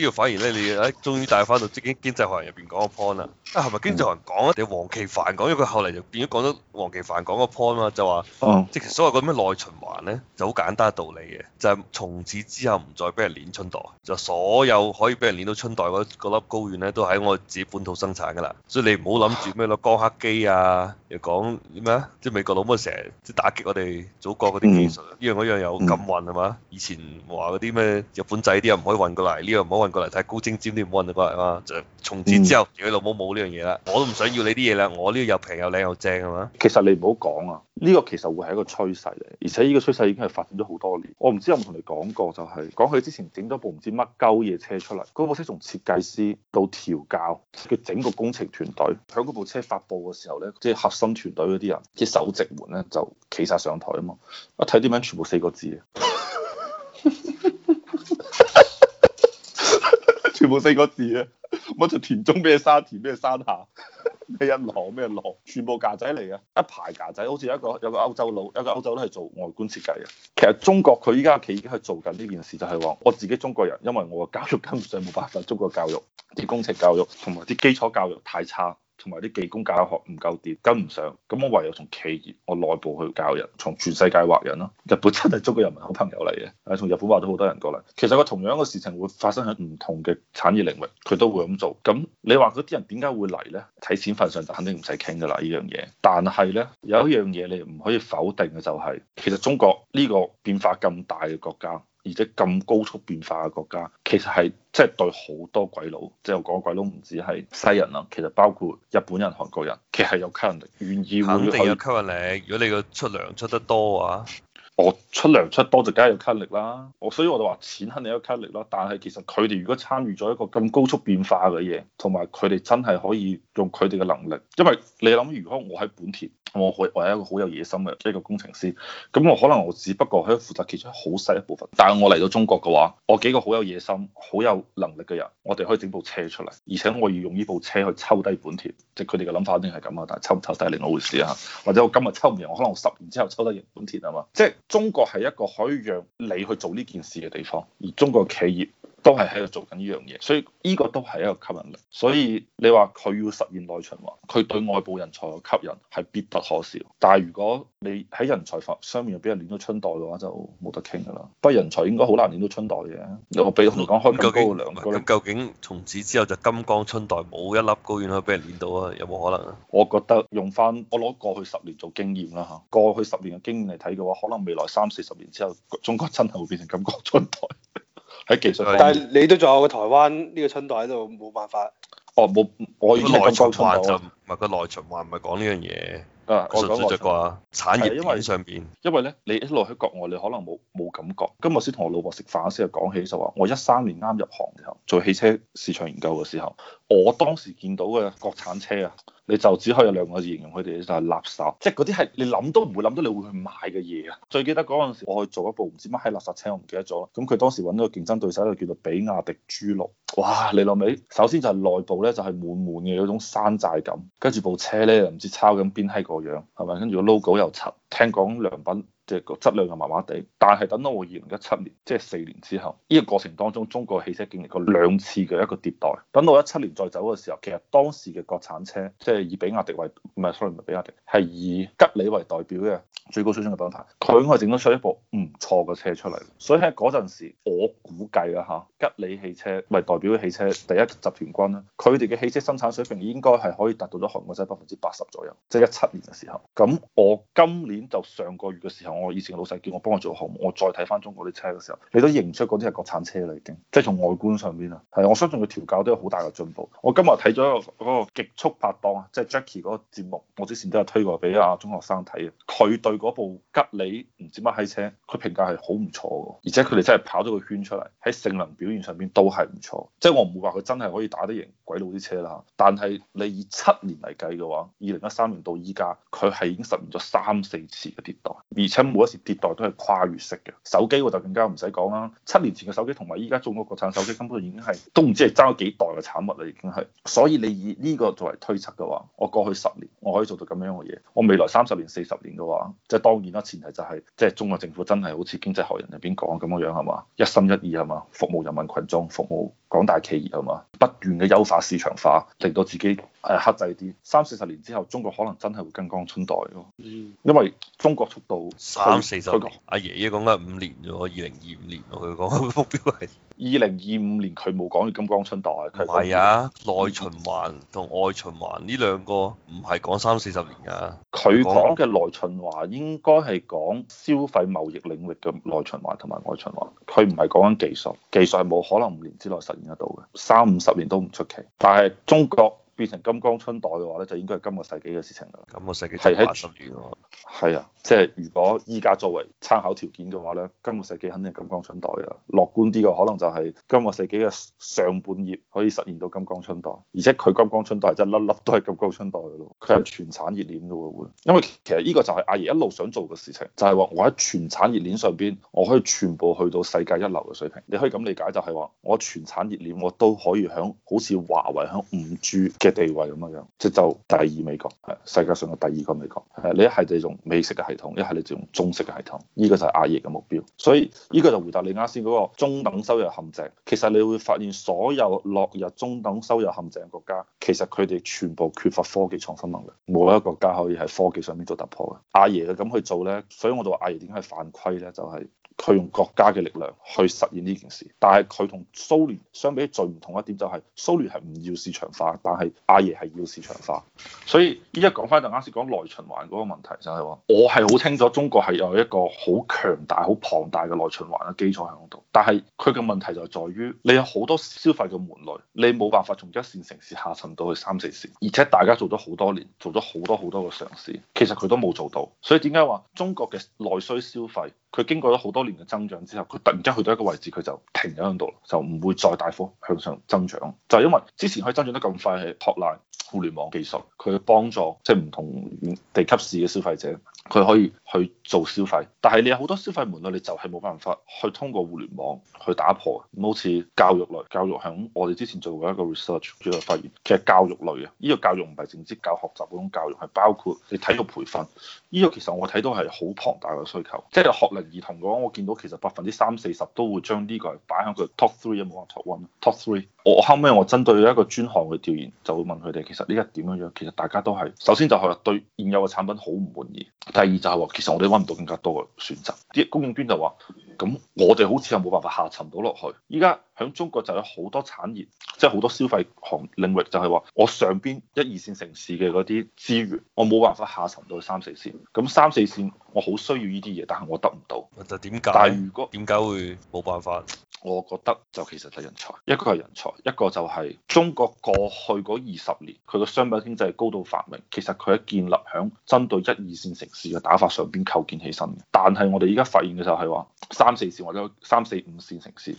呢個反而咧，你誒終於帶翻到經經濟學人入邊講個 point 啦。啊係咪經濟學人講啊？定黃奇帆講，因為佢後嚟就變咗講咗黃奇帆講個 point 啊嘛，就話、嗯、即係所謂嗰咩內循環咧，就好簡單嘅道理嘅，就係、是、從此之後唔再俾人碾春袋，就所有可以俾人碾到春袋嗰粒高遠咧，都喺我哋自己本土生產㗎啦。所以你唔好諗住咩咯，光刻機啊，又講咩啊，即係美國佬咁啊，成日打擊我哋祖國嗰啲技術，呢、嗯、樣嗰樣有禁運係嘛？以前話嗰啲咩日本仔啲又唔可以運過嚟，呢樣唔好運。過嚟睇高精尖都冇人嚟過嚟啊嘛！從此之後，嗯、如果老母冇呢樣嘢啦。我都唔想要你啲嘢啦。我呢個又平又靚又正係嘛？其實你唔好講啊。呢、呢個其實會係一個趨勢嚟，而且呢個趨勢已經係發展咗好多年。我唔知有冇同你講過，就係講佢之前整咗部唔知乜鳩嘢車出嚟。嗰部車從設計師到調教，佢整個工程團隊響嗰部車發布嘅時候咧，即係核心團隊嗰啲人，啲首席門咧就企晒上台啊嘛。一睇點樣，全部四個字。 冇四個字啊！我就田中咩山田咩山下咩一郎咩郎，全部架仔嚟啊！一排架仔，好似有一個有個歐洲佬，一個歐洲佬都係做外觀設計啊！其實中國佢依家企已經係做緊呢件事，就係，就係話我自己中國人，因為我嘅教育根本上冇辦法，中國教育啲工程教育同埋啲基礎教育太差。同埋啲技工教學唔夠掂，跟唔上，咁我唯有從企業我內部去教人，從全世界挖人咯。日本真係中國人民好朋友嚟嘅，啊，從日本挖到好多人過嚟。其實個同樣嘅事情會發生喺唔同嘅產業領域，佢都會咁做。咁你話嗰啲人點解會嚟呢？睇錢份上就肯定唔使傾噶啦呢樣嘢。但係呢有一樣嘢你唔可以否定嘅就係、是，其實中國呢個變化咁大嘅國家。而且咁高速變化嘅國家，其實係即係對好多鬼佬，即係我講鬼佬唔止係西人啊，其實包括日本人、韓國人，其實有吸引力，願意會。肯定有吸引力，如果你個出糧出得多啊！我出糧出多就梗係有吸引力啦。我所以我就話錢肯定有吸引力啦，但係其實佢哋如果參與咗一個咁高速變化嘅嘢，同埋佢哋真係可以用佢哋嘅能力，因為你諗如果我喺本田。我好，我係一個好有野心嘅一個工程師，咁我可能我只不過可以負責其中好細一部分，但係我嚟到中國嘅話，我幾個好有野心、好有能力嘅人，我哋可以整部車出嚟，而且我要用呢部車去抽低本田，即係佢哋嘅諗法一定係咁啊，但係抽唔抽低係另外一回事啊，或者我今日抽唔贏，我可能十年之後抽得本田啊嘛，即係中國係一個可以讓你去做呢件事嘅地方，而中國嘅企業。都係喺度做緊呢樣嘢，所以呢個都係一個吸引力。所以你話佢要實現內循環，佢對外部人才嘅吸引係必不可少。但係如果你喺人才發上面俾人攣到春代嘅話，就冇得傾噶啦。不過人才應該好難攣到春代嘅竟。我俾同你講，開價高嘅兩個究竟從此之後就金剛春代冇一粒高遠可以俾人攣到啊？有冇可能啊？我覺得用翻我攞過去十年做經驗啦嚇，過去十年嘅經驗嚟睇嘅話，可能未來三四十年之後，中國真係會變成金剛春代。喺技術，就是、但係你都仲有個台灣呢個春代喺度，冇辦法。哦，冇，我已經內循環就唔係個內循環，唔係講呢樣嘢。啊，我講我著過因產業鏈上邊。因為咧，你一路喺國外，你可能冇冇感覺。今日先同我老婆食飯先時又講起，就話、是、我一三年啱入行嘅時候，做汽車市場研究嘅時候。我當時見到嘅國產車啊，你就只可以有兩個字形容佢哋，就係、是、垃圾，即係嗰啲係你諗都唔會諗到你會去買嘅嘢啊！最記得嗰陣時，我去做一部唔知乜閪垃圾車，我唔記得咗啦。咁佢當時揾到個競爭對手就叫做比亞迪 G 六，哇！你諗未？首先就係內部咧就係、是、滿滿嘅嗰種山寨感，跟住部車咧又唔知抄緊邊閪個樣，係咪？跟住個 logo 又柒。聽講良品嘅個質量又麻麻地，但係等到我二零一七年，即係四年之後，呢、這個過程當中，中國汽車經歷過兩次嘅一個迭代。等到一七年再走嘅時候，其實當時嘅國產車，即、就、係、是、以比亞迪為唔係，sorry 唔係比亞迪，係以吉利為代表嘅最高水準嘅品牌，佢我整咗出一部唔錯嘅車出嚟。所以喺嗰陣時，我估計啊，吓，吉利汽車為代表嘅汽車第一集團軍啦，佢哋嘅汽車生產水平應該係可以達到咗韓國仔百分之八十左右，即係一七年嘅時候。咁我今年。就上個月嘅時候，我以前老細叫我幫我做項目，我再睇翻中國啲車嘅時候，你都認唔出嗰啲係國產車啦，已經，即係從外觀上邊啊，係我相信佢調教都有好大嘅進步。我今日睇咗嗰個極速拍檔啊，即係 Jackie 嗰個節目，我之前都有推過俾阿中學生睇，佢對嗰部吉李唔知乜閪車，佢評價係好唔錯嘅，而且佢哋真係跑咗個圈出嚟，喺性能表現上邊都係唔錯。即係我唔會話佢真係可以打得贏鬼佬啲車啦，但係你以七年嚟計嘅話，二零一三年到依家，佢係已經實現咗三四。時嘅迭代，而且每一次迭代都係跨越式嘅。手機我就更加唔使講啦，七年前嘅手機同埋依家中國國產手機根本已經係都唔知係爭咗幾代嘅產物啦，已經係。所以你以呢個作為推測嘅話，我過去十年我可以做到咁樣嘅嘢，我未來三十年、四十年嘅話，即係當然啦，前提就係、是、即係中國政府真係好似經濟學人入邊講咁嘅樣係嘛，一心一意係嘛，服務人民群眾，服務。廣大企業係嘛，不斷嘅優化、市場化，令到自己誒、呃、克制啲。三四十年之後，中國可能真係會跟上春代咯。因為中國速度三四十，阿說、啊、爺爺講緊五年啫，二零二五年喎，佢講目標係。二零二五年佢冇講金光春代，佢唔係啊，內循環同外循環呢兩個唔係講三四十年噶、啊。佢講嘅內循環應該係講消費貿易領域嘅內循環同埋外循環，佢唔係講緊技術，技術係冇可能五年之內實現得到嘅，三五十年都唔出奇。但係中國。變成金光春代嘅話咧，就應該係今個世紀嘅事情啦。今個世紀係喺八十喎，係啊，即係如果依家作為參考條件嘅話咧，今個世紀肯定係金光春代啊。樂觀啲嘅可能就係今個世紀嘅上半葉可以實現到金光春代，而且佢金光春代即係粒粒都係金光春代嘅咯。佢係全產業鏈嘅喎，因為其實呢個就係阿爺一路想做嘅事情，就係話我喺全產業鏈上邊，我可以全部去到世界一流嘅水平。你可以咁理解就係話，我全產業鏈我都可以響好似華為響五 G 嘅地位咁樣樣，即就第二美國，係世界上嘅第二個美國。係你一係就用美式嘅系統，一係你就用中式嘅系統。呢個就係阿爺嘅目標。所以呢個就回答你啱先嗰個中等收入陷阱。其實你會發現，所有落入中等收入陷阱嘅國家，其實佢哋全部缺乏科技創新能力，冇一個國家可以喺科技上面做突破嘅。阿爺咁去做咧，所以我就話阿爺點解係犯規咧？就係。佢用國家嘅力量去實現呢件事，但係佢同蘇聯相比最唔同一點就係蘇聯係唔要市場化，但係阿爺係要市場化。所以依家講翻就啱先講內循環嗰個問題就係話，我係好清楚中國係有一個好強大、好龐大嘅內循環嘅基礎喺度，但係佢嘅問題就係在於你有好多消費嘅門類，你冇辦法從一線城市下沉到去三四線，而且大家做咗好多年，做咗好多好多嘅嘗試，其實佢都冇做到。所以點解話中國嘅內需消費佢經過咗好多嘅增長之後，佢突然之間去到一個位置，佢就停咗喺度，就唔會再大幅向上增長。就係、是、因為之前可以增長得咁快，係託賴互聯網技術，佢幫助即係唔同地級市嘅消費者，佢可以去做消費。但係你有好多消費門類，你就係冇辦法去通過互聯網去打破。咁好似教育類，教育響我哋之前做過一個 research，叫做發現其實教育類啊，呢、這個教育唔係淨係指教學習嗰種教育，係包括你體育培訓。呢、這個其實我睇到係好龐大嘅需求，即、就、係、是、學齡兒童嘅話，我。見到其實百分之三四十都會將呢個擺喺佢 top three 有冇可能 top one。top three，我後尾我針對一個專項嘅調研，就會問佢哋其實依家點樣樣，其實大家都係首先就係對現有嘅產品好唔滿意，第二就係話，其實我哋揾唔到更加多嘅選擇，啲供應端就話咁我哋好似係冇辦法下沉到落去，依家。喺中國就有好多產業，即係好多消費行領域就，就係話我上邊一二線城市嘅嗰啲資源，我冇辦法下沉到三四線。咁三四線我好需要呢啲嘢，但係我得唔到。就點解？但係如果點解會冇辦法？我覺得就其實係人才，一個係人才，一個就係中國過去嗰二十年佢個商品經濟高度繁榮，其實佢喺建立響針對一二線城市嘅打法上邊構建起身。但係我哋而家發現嘅就係話三四線或者三四五線城市。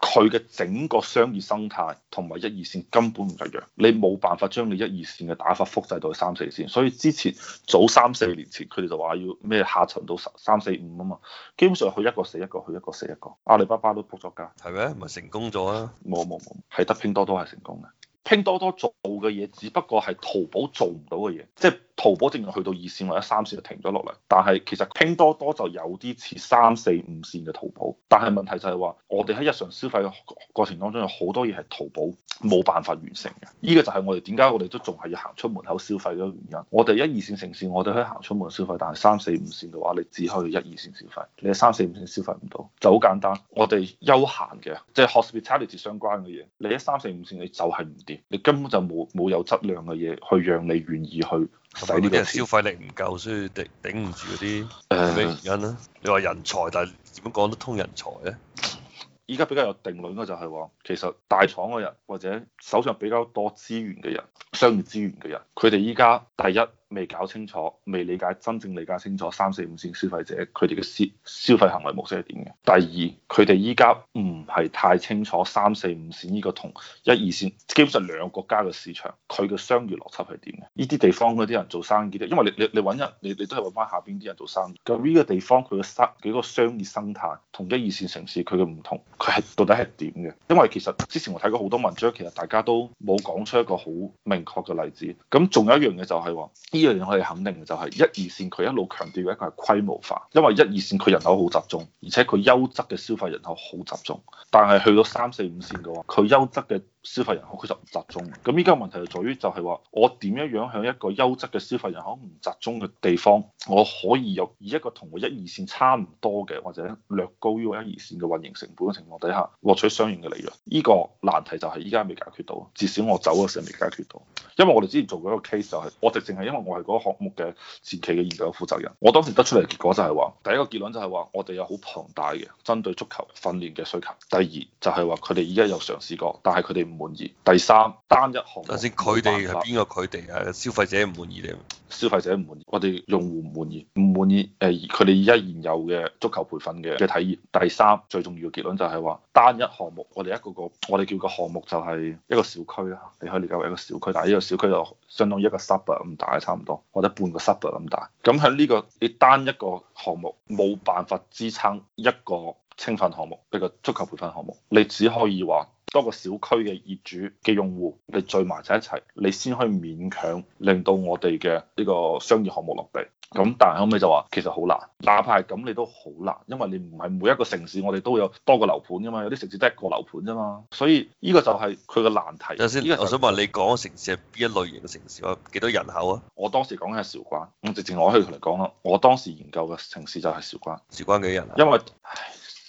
佢嘅整個商業生態同埋一二線根本唔一樣，你冇辦法將你一二線嘅打法複製到三四線。所以之前早三四年前，佢哋就話要咩下沉到三四五啊嘛，基本上佢一個死一個，佢一個死一個，阿里巴巴都撲咗街，係咪？咪成功咗啊？冇冇冇，係得拼多多係成功嘅。拼多多做嘅嘢，只不過係淘寶做唔到嘅嘢，即係。淘寶淨係去到二線或者三線就停咗落嚟，但係其實拼多多就有啲似三四五線嘅淘寶，但係問題就係話我哋喺日常消費嘅過程當中有好多嘢係淘寶冇辦法完成嘅，呢個就係我哋點解我哋都仲係要行出門口消費嘅原因。我哋一二線城市我哋可以行出門消費，但係三四五線嘅話，你只可以一二線消費，你三四五線消費唔到就好簡單。我哋休閒嘅即係 hospitality 相關嘅嘢，你喺三四五線你就係唔掂，你根本就冇冇有質量嘅嘢去讓你願意去。同埋嗰啲人消費力唔夠，所以頂頂唔住嗰啲誒原因啦、啊？你話人才，但係點樣講得通人才咧？依家比較有定論嘅就係、是、話，其實大廠嘅人或者手上比較多資源嘅人。商業資源嘅人，佢哋依家第一，未搞清楚，未理解真正理解清楚三四五線消費者佢哋嘅消消費行為模式係點嘅。第二，佢哋依家唔係太清楚三四五線呢個同一二線基本上兩個國家嘅市場，佢嘅商業邏輯係點嘅。呢啲地方嗰啲人做生意，嘅，因為你你人你揾一你你都係揾翻下邊啲人做生意。咁依個地方佢嘅生幾個商業生態同一二線城市佢嘅唔同，佢係到底係點嘅？因為其實之前我睇過好多文章，其實大家都冇講出一個好明。確嘅例子，咁仲有一樣嘢就係，呢樣嘢我係肯定嘅，就係一、二線佢一路強調嘅一個係規模化，因為一、二線佢人口好集中，而且佢優質嘅消費人口好集中，但係去到三四五線嘅話，佢優質嘅消費人口佢就唔集中，咁依家問題就在於就係話我點樣樣向一個優質嘅消費人口唔集中嘅地方，我可以有以一個同我一二線差唔多嘅或者略高於我一二線嘅運營成本嘅情況底下，獲取相應嘅利潤，呢個難題就係依家未解決到，至少我走嗰時未解決到。因為我哋之前做過一個 case 就係，我哋淨係因為我係嗰個項目嘅前期嘅研究負責人，我當時得出嚟嘅結果就係話，第一個結論就係話我哋有好龐大嘅針對足球訓練嘅需求，第二就係話佢哋依家有嘗試過，但係佢哋。唔滿意。第三，單一項目。先佢哋係邊個？佢哋啊，消費者唔滿意你。消費者唔滿意，我哋用戶唔滿意，唔滿意誒！佢哋而家現有嘅足球培訓嘅嘅體驗。第三，最重要嘅結論就係話，單一項目，我哋一個個，我哋叫個項目就係一個小區啊，你可以理解為一個小區。但係呢個小區就相當於一個 suburb 咁大，差唔多或者半個 suburb 咁大。咁喺呢個你單一個項目冇辦法支撐一個青訓項目，一個足球培訓項目，你只可以話。多個小區嘅業主嘅用戶，你聚埋就一齊，你先可以勉強令到我哋嘅呢個商業項目落地。咁但係後尾就話其實好難，哪怕係咁你都好難，因為你唔係每一個城市我哋都有多個樓盤噶嘛，有啲城市得一個樓盤啫嘛。所以呢個就係佢個難題。首先，我想問你講城市係邊一類型嘅城市啊？幾多人口啊？我當時講嘅係韶關，咁直情我可以同你講咯。我當時研究嘅城市就係韶關。韶關幾人啊？因為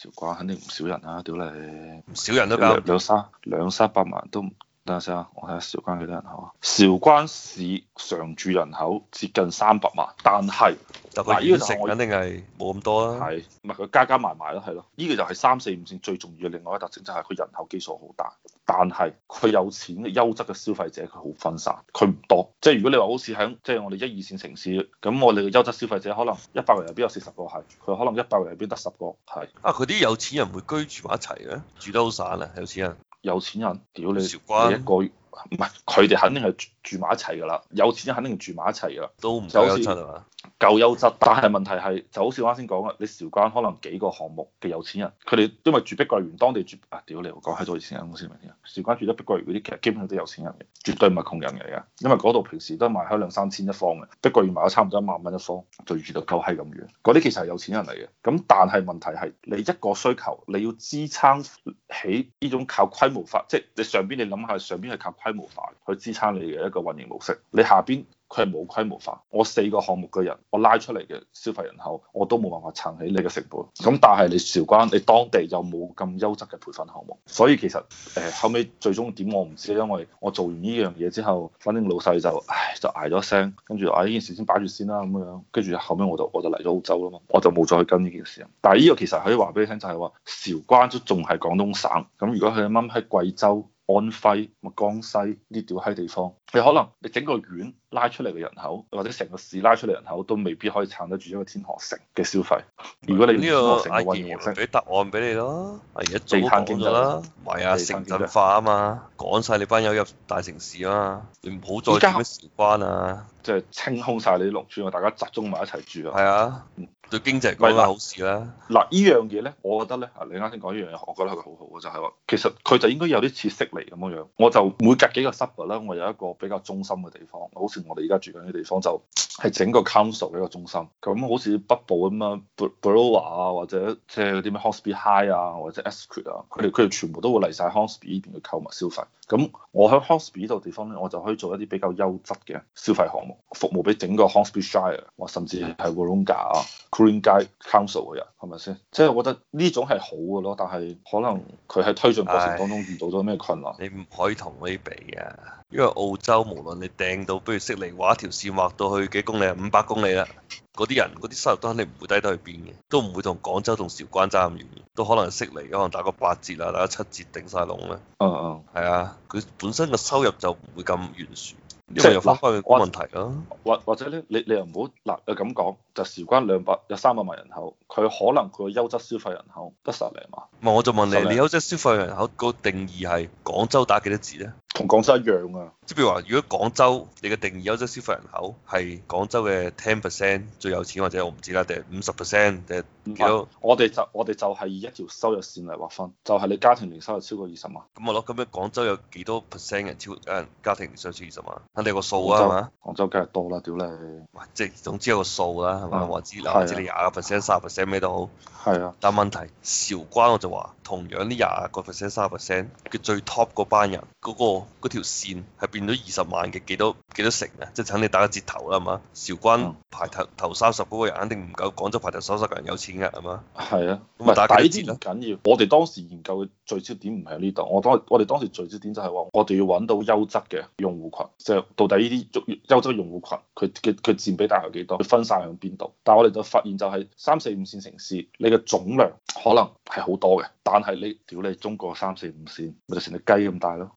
肯定唔少人啊，屌你，唔少人都搞，兩三兩三百萬都。等下先啊，我睇下韶關幾多人口啊。韶關市常住人口接近三百萬，但係嗱，呢個城肯定係冇咁多啦。係，唔係佢加加埋埋咯，係咯。呢、呢個就係三四五線最重要嘅另外一個特徵，就係、係、佢人口基數好大，但係佢有錢嘅優質嘅消費者，佢好分散，佢唔多。即係如果你話好似喺即係我哋一二線城市，咁我哋嘅優質消費者可能一百個人入邊有四十個係，佢可能一百個人入邊得十個係。啊，佢啲有錢人會居住埋一齊嘅，住得好散啊，有錢人。有錢人，屌你！你一個月。唔係佢哋肯定係住住埋一齊㗎啦，有錢人肯定住埋一齊㗎啦，都唔夠優質係嘛？夠優質，但係問題係就好似啱先講啦，你韶關可能幾個項目嘅有錢人，佢哋因為住碧桂園，當地住啊屌你，我講起咗以前間公司嚟嘅，韶關住得碧桂園嗰啲其實基本上都有錢人嘅，絕對唔係窮人嚟㗎，因為嗰度平時都賣開兩三千一方嘅，碧桂園賣咗差唔多一萬蚊一方，就住到夠閪咁遠，嗰啲其實係有錢人嚟嘅，咁但係問題係你一個需求你要支撐起呢種靠規模法，即係你上邊你諗下，上邊係靠。規模化去支撐你嘅一個運營模式，你下邊佢係冇規模化，我四個項目嘅人，我拉出嚟嘅消費人口，我都冇辦法撐起你嘅成本。咁但係你韶關你當地又冇咁優質嘅培訓項目，所以其實誒、呃、後尾最終點我唔知，因為我做完呢樣嘢之後，反正老細就唉就捱咗聲，跟住啊呢件事先擺住先啦咁樣，跟住後尾我就我就嚟咗澳洲啦嘛，我就冇再去跟呢件事。但係呢個其實可以話俾你聽，就係話韶關都仲係廣東省，咁如果佢啱啱喺貴州。安徽、江西啲屌閪地方，你可能你整個縣拉出嚟嘅人口，或者成個市拉出嚟人口，都未必可以撐得住一個天河城嘅消費。如果你呢個阿健俾答案俾你咯，而家早講咗啦，唔係啊，啊城鎮化啊嘛，講晒你班友入大城市啊嘛，你唔好再咩韶關啊，即係清空晒你農村，大家集中埋一齊住啊，係啊。對經濟嗰個係好事啦。嗱，依樣嘢咧，我覺得咧，啊，你啱先講呢樣嘢，我覺得佢好好嘅，就係話其實佢就應該有啲設施嚟咁樣樣。我就每隔幾個 suburb 咧，我有一個比較中心嘅地方，好似我哋而家住緊嘅地方，就係整個 council 嗰個中心。咁好似北部咁啊 Berowra 啊，或者即係嗰啲咩 Hornsby High 啊，或者 Eskdale 啊，佢哋佢哋全部都會嚟晒 Hornsby s 呢邊嘅購物消費。咁我喺 Hornsby 呢度地方咧，我就可以做一啲比較優質嘅消費項目服務，俾整個 Hornsby Shire 或甚至係 Wahroonga 啊。Green 街 Council 嘅人，係咪先？即係我覺得呢種係好嘅咯，但係可能佢喺推進過程當中遇到咗咩困難？你唔可以同佢比啊！因為澳洲無論你掟到，比如悉尼畫一條線畫到去幾公里啊，五百公里啦，嗰啲人嗰啲收入都肯定唔會低得去邊嘅，都唔會同廣州同韶關爭咁遠。都可能悉尼可能打個八折啊，打七折頂晒籠啦。嗯嗯，係啊，佢本身嘅收入就唔會咁懸殊。即係又發生嘅問題咯、啊，或或者咧，你你又唔好立咁講，就韶關兩百有三百萬人口，佢可能佢嘅優質消費人口得十零萬。唔係，我就問你，多你優質消費人口個定義係廣州打幾多字咧？同廣州一樣啊！即譬如話，如果廣州你嘅定義優質消費人口係廣州嘅 ten percent，最有錢或者我唔知啦，定係五十 percent 定係幾多？我哋就我哋就係以一條收入線嚟劃分，就係、是、你家庭年收入超過二十萬。咁我咯，咁、嗯、樣、嗯、廣州有幾多 percent 人超誒家庭年收入超過二十萬？肯定有個數啊嘛州吧！廣州梗係多啦，屌你！即總之有個數啦，係嘛、嗯？我知，哪知的你廿個 percent、三十 percent 咩都好。係啊的。但問題韶關我就話，同樣呢廿個 percent、三十 percent 佢最 top 嗰班人嗰、那個嗰條線係變咗二十萬嘅幾多幾多成啊？即係請你打個折頭啦，係嘛？韶關排頭頭三十嗰個人肯定唔夠廣州排頭三十個人有錢嘅，係嘛？係啊，唔係打幾折咯？緊要。我哋當時研究嘅聚焦點唔係喺呢度。我當我哋當時聚焦點就係話，我哋要揾到優質嘅用戶群。即係到底呢啲優優質嘅用戶群，佢嘅佢佔比大概幾多？佢分散喺邊度？但係我哋就發現就係三四五線城市，你嘅總量可能係好多嘅，但係你屌你中國三四五線咪就成隻雞咁大咯？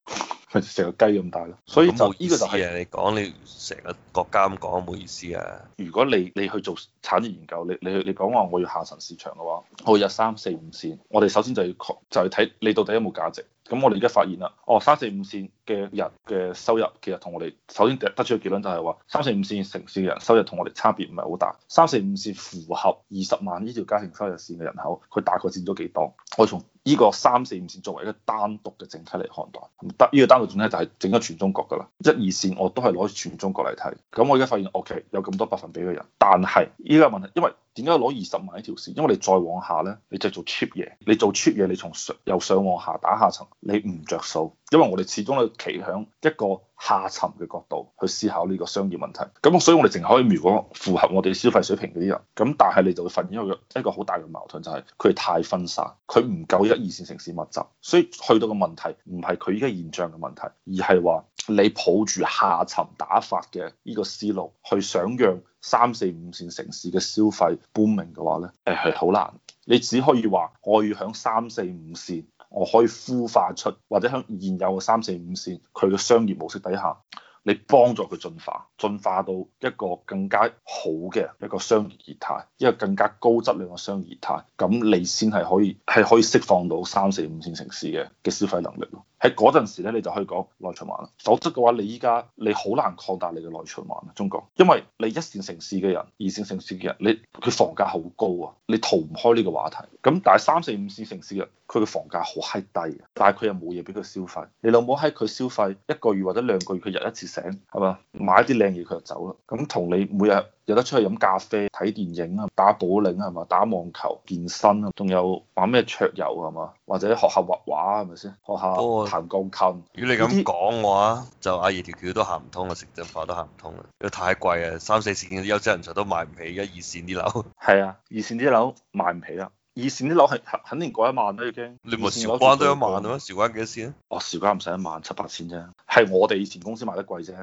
成個雞咁大咯，所以就呢個就係你講你成個國家咁講，冇意思啊！你你思啊如果你你去做產業研究，你你你講話我要下沉市場嘅話，去入三四五線，我哋首先就要確，就係睇你到底有冇價值。咁我哋而家發現啦，哦三四五線嘅人嘅收入其實同我哋首先得出嘅結論就係話，三四五線,、就係、四五線城市嘅人收入同我哋差別唔係好大。三四五線符合二十萬呢條家庭收入線嘅人口，佢大概佔咗幾多？我從依個三四五線作為一個單獨嘅整體嚟看待，得、這、依個單獨整體就係整個全中國噶啦，一二線我都係攞全中國嚟睇，咁我而家發現 o、OK，K，有咁多百分比嘅人，但係依家問題，因為。點解攞二十萬一條線？因為你再往下咧，你就做 cheap 嘢。你做 cheap 嘢，你從上由上往下打下層，你唔着數。因為我哋始終咧企喺一個下沉嘅角度去思考呢個商業問題。咁所以我哋淨係可以瞄準符合我哋消費水平嗰啲人。咁但係你就會發現一個一個好大嘅矛盾，就係佢太分散，佢唔夠一二線城市密集。所以去到嘅問題唔係佢依家現象嘅問題，而係話你抱住下沉打法嘅呢個思路去想讓。三四五線城市嘅消費搬明嘅話咧，誒係好難。你只可以話，我要響三四五線，我可以孵化出或者響現有嘅三四五線佢嘅商業模式底下，你幫助佢進化，進化到一個更加好嘅一個商業業態，一個更加高質量嘅商業業態，咁你先係可以係可以釋放到三四五線城市嘅嘅消費能力咯。喺嗰陣時咧，你就可以講內循環啦。否則嘅話，你依家你好難擴大你嘅內循環啊，中國。因為你一線城市嘅人、二線城市嘅人，你佢房價好高啊，你逃唔開呢個話題。咁但係三四五線城市嘅，佢嘅房價好閪低嘅，但係佢又冇嘢俾佢消費。你老母喺佢消費一個月或者兩個月，佢入一次醒係嘛？買啲靚嘢佢就走啦。咁同你每日。有得出去飲咖啡、睇電影啊、打保齡係嘛、打網球、健身啊，仲有玩咩桌遊係嘛，或者學下畫畫係咪先？學下彈鋼琴。如果你咁講嘅話，就阿爺條橋都行唔通啊，城鎮化都行唔通啊，因為太貴啊，三四線嘅優質人才都買唔起一二線啲樓。係啊，二線啲樓賣唔起啦，二線啲樓係肯定過一萬啦已經。你唔係韶關都一萬咩？韶關幾多線啊？哦，韶關唔使一萬，七八千啫。係我哋以前公司賣得貴啫。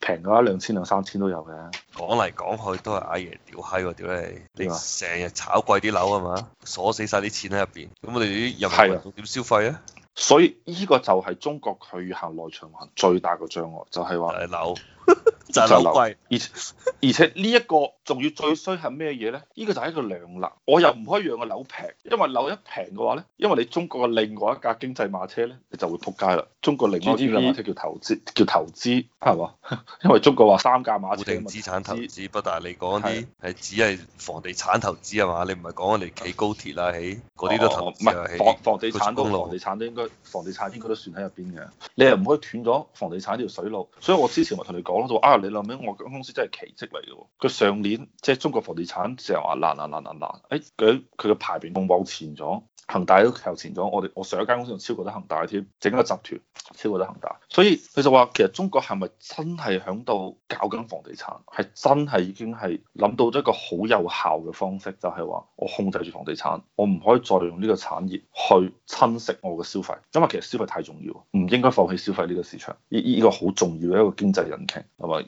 平㗎話，兩千兩三千都有嘅。講嚟講去都係阿爺屌閪喎，屌你！樣你成日炒貴啲樓係嘛？鎖死晒啲錢喺入邊，咁我哋啲人民點消費啊？所以呢、呢個就係中國佢行內循環最大個障礙，就係、係、話是樓。 就係貴，而且而且呢一個仲要最衰係咩嘢咧？呢個就係一個量力，我又唔可以讓個樓平，因為樓一平嘅話咧，因為你中國嘅另外一架經濟馬車咧，你就會撲街啦。中國另外一架馬車叫投資，叫投資係嘛？因為中國話三架馬車，資產投資不但係你講啲係只係房地產投資係嘛？你唔係講我哋起高鐵啦，起嗰啲都投資房房地產公路、房地產都應該房地產應該都算喺入邊嘅。你又唔可以斷咗房地產呢條水路，所以我之前咪同你講咯，你諗下，我間公司真係奇蹟嚟嘅、哦。佢上年即係、就是、中國房地產成日話嗱嗱嗱嗱嗱，誒佢佢嘅排名仲往前咗，恒大都靠前咗。我哋我上一間公司仲超過咗恒大添，整個集團超過咗恒大。所以佢就話其實中國係咪真係響度搞緊房地產？係真係已經係諗到咗一個好有效嘅方式，就係、是、話我控制住房地產，我唔可以再用呢個產業去侵蝕我嘅消費，因為其實消費太重要，唔應該放棄消費呢個市場。呢、這、依個好重要嘅一個經濟引擎係咪？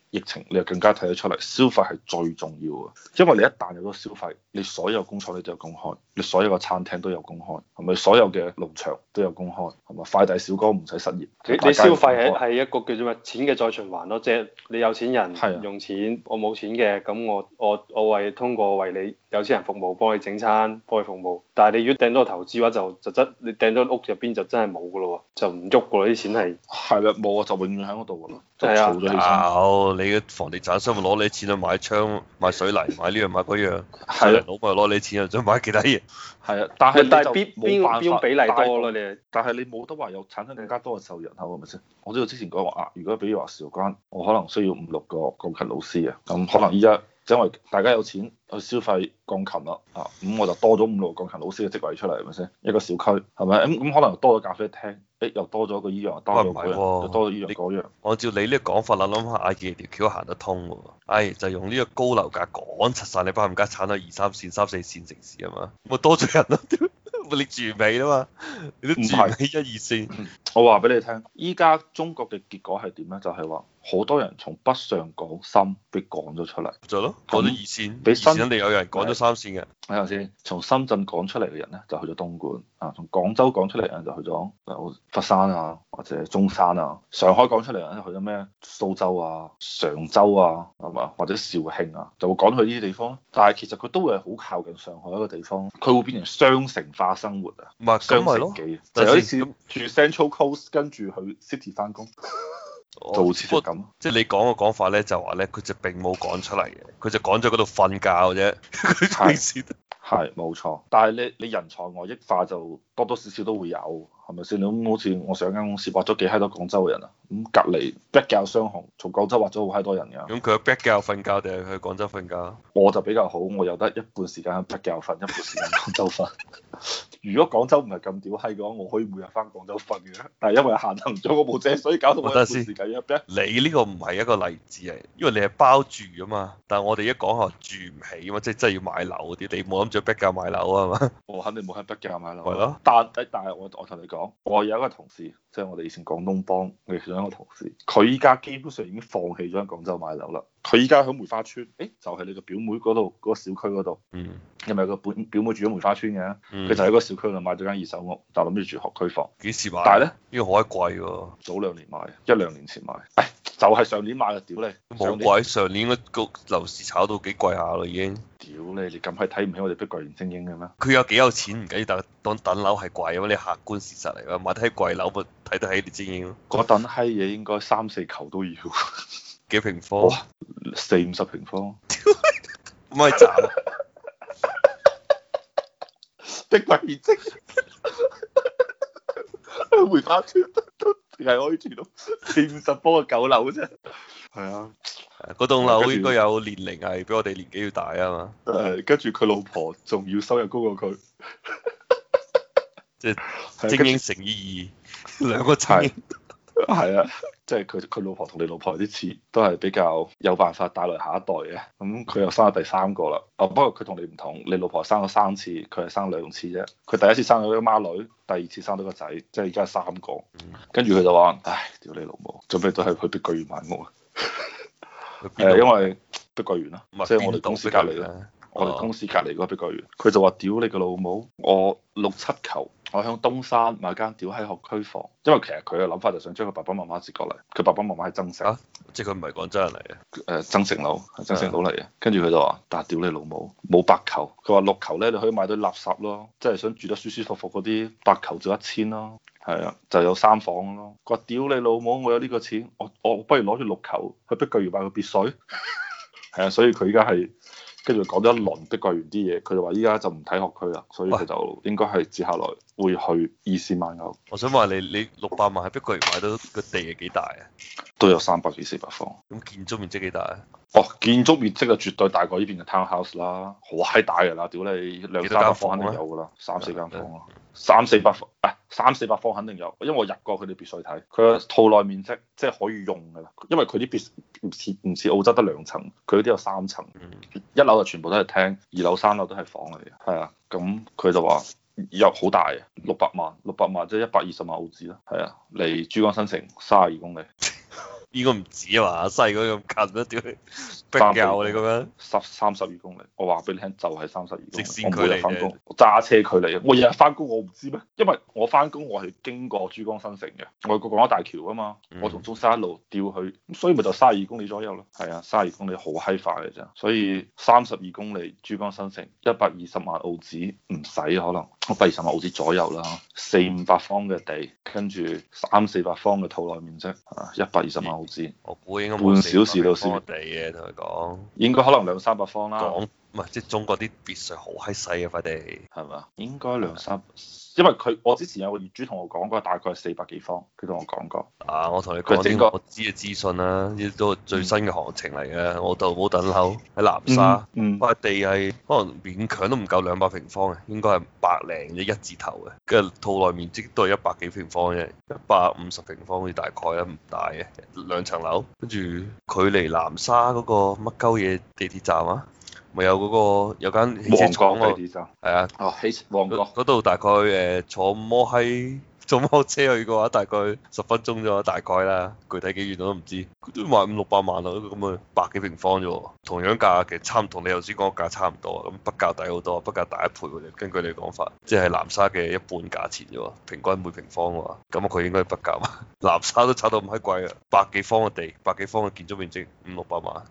疫情你又更加睇得出嚟，消費係最重要嘅，因為你一旦有咗消費，你所有工廠你就有工開，你所有嘅餐廳都有工開，係咪？所有嘅農場都有工開，係咪？快遞小哥唔使失業。你消費係係一個叫做咩？錢嘅再循環咯，即係你有錢人用錢，是啊、我冇錢嘅，咁我我我為通過為你有錢人服務，幫你整餐，幫你服務。但係你如果掟到個投資嘅話，就實質你掟咗屋入邊就真係冇㗎咯，就唔喐㗎咯，啲錢係。係啦，冇啊，就永遠喺嗰度㗎嘛，就儲咗起身。是啊你嘅房地產商咪攞你錢去買窗、買水泥、買呢、這、樣、個、買嗰、那、樣、個，係咯，老婆攞你錢又想買其他嘢，係啊，但係但係必冇反標比例多咯是你，但係你冇得話又產生更加多嘅受人口係咪先？我知道之前講話、啊，如果比如話韶關，我可能需要五六個鋼琴老師啊，咁的可能依家因為大家有錢去消費鋼琴啦，啊，咁我就多咗五六個鋼琴老師嘅職位出嚟係咪先？一個小區係咪咁咁可能又多咗咖啡廳。又多咗個依樣，當然唔係，啊、又多咗依樣嗰樣。按你照你呢講法啦，諗下阿爺條橋行得通喎？係就是、用呢個高樓價趕出晒，你班冚家產喺二三線、三四線城市啊嘛，咪多咗人咯， 你住尾啦嘛，你都住尾是一二線。 我話俾你聽，依家中國嘅結果係點咧？就係話。好多人從北上廣深被趕咗出嚟，就係咯，趕咗二線，俾二線地有人趕咗三線嘅。睇下先，從深圳趕出嚟嘅人咧，就去咗東莞啊；從廣州趕出嚟嘅人就去咗佛山啊，或者中山啊；上海趕出嚟嘅人去咗咩？蘇州啊、常州啊，係咪？或者肇慶啊，就會趕去呢啲地方。但係其實佢都會係好靠近上海一個地方，佢會變成雙城化生活啊，唔、就是、雙城幾啊，就好、是、似那住 Central Coast，跟住去 City 翻工。 做咁，即係你講嘅講法咧，就話咧，佢就並冇講出嚟嘅，佢就講咗嗰度瞓覺啫。係， 冇錯。但係你你人才外溢化就多多少少都會有，係咪先？咁好似我上間公司挖咗幾閪多廣州人啊，咁隔離北滘商行從廣州挖咗好閪多人㗎、啊。咁佢喺北滘瞓覺定係去廣州瞓覺？覺我就比較好，我有得一半時間喺北滘瞓，一半時間廣州瞓。 如果廣州唔係咁屌閪嘅話，我可以每日返廣州瞓嘅。但係因為限行咗部車，我冇藉 所以搞到我得時間約。你呢個唔係一個例子係，因為你係包住啊嘛。但係我哋一講話住唔起啊嘛，即係真係要買樓嗰啲。你冇諗住喺北京買樓啊嘛？ 我肯定冇喺北京買樓。係咯的，但係但係我我同你講，我有一個同事，即係我哋以前廣東幫其中一個同事，佢依家基本上已經放棄咗喺廣州買樓啦。佢依家喺梅花村，誒、欸、就係、是、你個表妹嗰度嗰個小區嗰度，因為個本表妹住喺梅花村嘅，佢就喺嗰個小區度買咗間二手屋，就諗住住學區房。幾時買？但係呢咧，呢個好閪貴喎。早兩年買，一兩年前買，誒、哎、就係、是、上年買嘅，屌你！冇年貴，上年嗰個樓市炒到幾貴下咯已經。屌你！你咁係睇唔起我哋碧桂園精英嘅咩？佢有幾有錢唔緊要，但係當等樓係貴喎，呢你客觀事實嚟㗎，買得起貴樓咪睇得起啲精英咯。嗰等閪嘢應該三四球都要，都要。 幾平方？四五十平方。唔可以賺，逼埋業績。梅花村都淨係可以住到四五十方嘅舊樓啫。係啊，嗰棟樓應該有年齡係比我哋年紀要大啊嘛。係，跟住佢老婆仲要收入高過佢。 即精英乘以二，兩、 啊、 個精係啊，即係佢佢老婆同你老婆啲似都係比較有辦法帶來下一代嘅。咁、嗯、佢又生咗第三個啦。哦，不過佢同你唔同，你老婆生咗三次，佢係生兩次啫。佢第一次生咗個孖女，第二次生咗個仔，即係而家三個。跟住佢就話：，唉，屌你老母，準備都係去碧桂園買屋。係 因為碧桂園啊，即係是我哋公司隔籬咯，我哋公司隔籬嗰個碧桂園。佢就話：，屌你個老母，我六七球。我向東山買間屌喺學區房，因為其實佢嘅諗法就想將佢爸爸媽媽接過嚟，佢爸爸媽媽喺增城，即係佢唔係廣州人嚟嘅，誒增城佬，增城佬嚟嘅，跟住佢就話，但屌你老母，冇白球，佢話綠球咧，你可以買到垃圾咯，即係想住得舒舒服服嗰啲，白球就一千咯，係啊，就有三房咯，佢話屌你老母，我有呢個錢，我我不如攞住綠球去碧桂園買個別墅，係 啊，所以佢而家係。跟住講咗一輪碧桂園啲嘢，佢就話依家就唔睇學區啦，所以佢就應該係接下來會去二線萬購、啊。我想問你，你六百萬喺碧桂園買到個地係幾大啊？都有三百幾四百方，咁建築面積幾大啊？哦，建築面積啊，絕對大過呢邊嘅 townhouse 啦，好閪大嘅啦，屌你，兩三間房肯定有噶啦，三四間房、啊，三四百方，三四百方肯定有，因為我入過佢哋別墅睇，佢個套內面積即係可以用嘅，因為佢啲別墅唔似唔似澳洲得兩層，佢嗰啲有三層，嗯、一樓就全部都係廳，二樓三樓都係房嚟嘅，係啊，咁佢就話有好大，六百萬，六百萬即係一百二十萬澳紙啦，係啊，離珠江新城三十二公里。呢個唔止啊嘛，細個咁近都屌你，比較你咁樣，三三十二公里，我話俾你聽就係、係、三十二公里，直線距離。我每日翻工，我揸車距離啊，我日日翻工我唔知咩？因為我翻工我係經過珠江新城嘅，外國廣州大橋啊嘛，我從中山一路調去，所以咪就三十二公里左右咯。係啊，三十二公里好閪快嘅啫，所以三十二公里珠江新城一百二十萬澳紙唔使可能，一百二十萬澳紙左右啦，四五百方嘅地，跟住三四百方嘅套內面積啊，一百二十萬。我估應該半小時到先。地嘅同佢講，應該可能兩三百方啦。唔係，即係中國啲別墅好閪細啊。塊地，係咪啊？應該兩三，的因為佢我之前有個業主同我講過，大概係四百幾方，佢同我講過。啊！我同你講啲我知嘅資訊啦、啊，呢啲都最新嘅行情嚟嘅。嗯、我度冇等樓喺南沙、嗯嗯、塊地係可能勉強都唔夠兩百平方嘅，應該係百零嘅一字頭嘅，跟住套內面積都係一百幾平方啫，一百五十平方好似大概啦，唔大嘅兩層樓，跟住距離南沙嗰個乜鳩嘢地鐵站啊？咪有嗰個有間汽車廠喎，係啊，哦，喺旺角嗰度，大概誒坐摩嘿坐摩車去嘅話，大概十分鐘啫，大概啦，具體幾遠我都唔知。都賣五六百萬咯，咁嘅百幾平方啫，同樣價其實差唔同你頭先講嘅價差唔多，咁北滘抵好多，北滘大一倍喎，根據你講法，即係南沙嘅一半價錢啫喎，平均每平方喎，咁佢應該北滘嘛？南沙都炒到唔係貴啊，百幾方嘅地，百幾方嘅建築面積五，五六百萬。